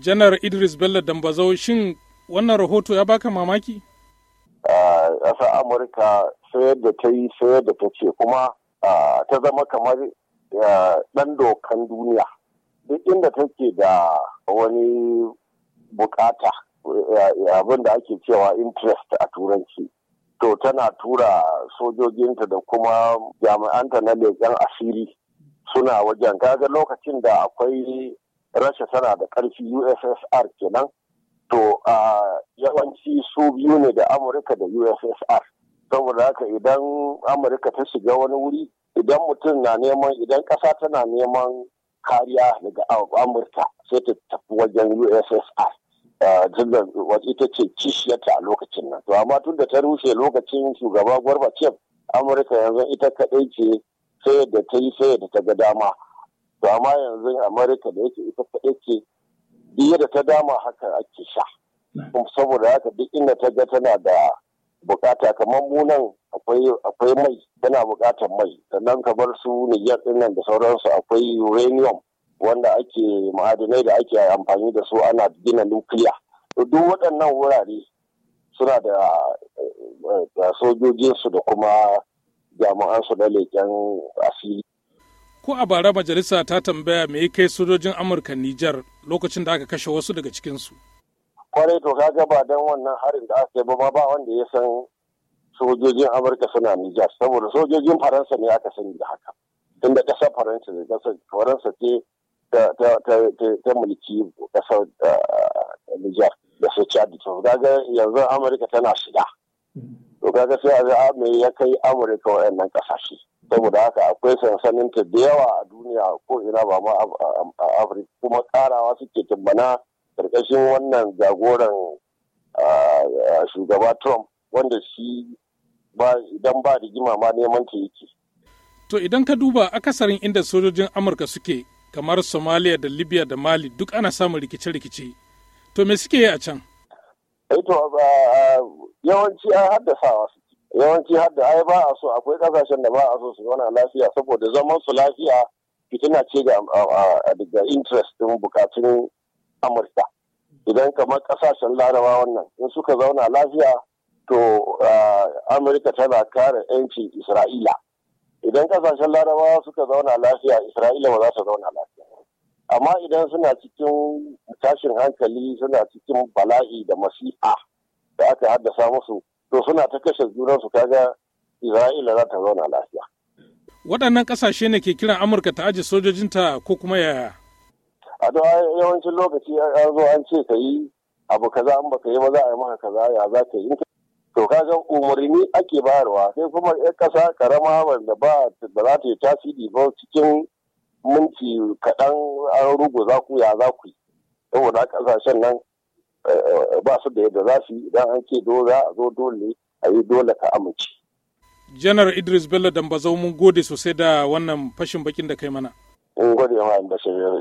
janar idris bello dambazau shin wannan rahoto ya baka mamaki ƙasar amurka sayar da ta yi sayar da ta ce kuma ta zama kamar ɗan dokan duniya duk inda take da wani bukata abin da ake cewa interest a turanci to tana tura sojojinta da kuma jami'anta na leƙen asiri suna wajen kaga lokacin da akwai rasha tana da ƙarfi ussr kenan to yawanci su biyu ne da amurka da ussr saboda haka idan amurka ta shiga wani wuri idan mutum na neman idan ƙasa tana neman kariya daga amurka sai ta tafi wajen ussr wasu ita ce kishiyarta a lokacin nan to amma tun da ta rushe lokacin shugaba gorbachev amurka yanzu ita kaɗai ce sai da ta yi sai da ta ga dama to amma yanzu america da yake ita ta yake biye da ta dama haka ake sha hmm. saboda haka duk inda ta ga tana da bukata kamar munan akwai mai tana bukatar mai sannan kamar su niyyar dinnan da sauransu akwai uranium wanda ake ma'adinai da ake amfani da su ana gina nukiliya duk waɗannan wurare suna eh, eh, da sojojinsu da kuma jami'ansu na leken asiri ko a bara majalisa ta tambaya me kai sojojin amurka nijar lokacin da aka kashe wasu daga cikin su kwarai to kaga ba dan wannan harin da aka yi ba ba wanda ya san sojojin amurka suna nijar saboda sojojin faransa ne aka sani da haka tunda kasar faransa ne faransa ce ta mulki kasar eh, nijar da su chad to kaga yanzu amurka tana shiga to kaga sai a ya kai amurka waɗannan kasashe saboda haka akwai sansaninta da yawa a duniya ko ina ba ma a afirka kuma karawa suke tumbana karkashin wannan jagoran shugaba trump wanda shi idan ba rigima ma neman ta yake to idan ka duba akasarin inda sojojin amurka suke kamar somalia da libya da mali duk ana samun rikice-rikice to me suke yi a can eh yawanci an haddasawa su yawanci har da ai ba a so akwai kasashen da ba a so su zauna lafiya saboda zaman su lafiya fitina ce ga daga interest din bukatun amurka idan kamar kasashen laraba wannan in suka zauna lafiya to amurka tana kare 'yancin isra'ila idan kasashen larabawa suka zauna lafiya isra'ila ba za ta zauna lafiya amma idan suna cikin tashin hankali suna cikin bala'i da masifa da aka haddasa musu to suna ta kashe junansu kaga isra'ila za ta zauna lafiya waɗannan ƙasashe ne ke kiran amurka ta aji sojojinta ko kuma yaya a yawancin lokaci an zo an ce ka yi abu kaza an baka yi ba za a yi maka kaza ya za ka yi to kaga umarni ake bayarwa sai kuma ƴan ƙasa karama wanda ba ba za ta yi tasiri ba cikin minti kaɗan an ruguza ku ya za ku yi saboda ƙasashen nan ba su da yadda za su yi idan an ce dole a zo dole a yi dole ka amince. janar idris bello dambazau mun gode sosai da wannan fashin bakin da kai mana. mun gode ma da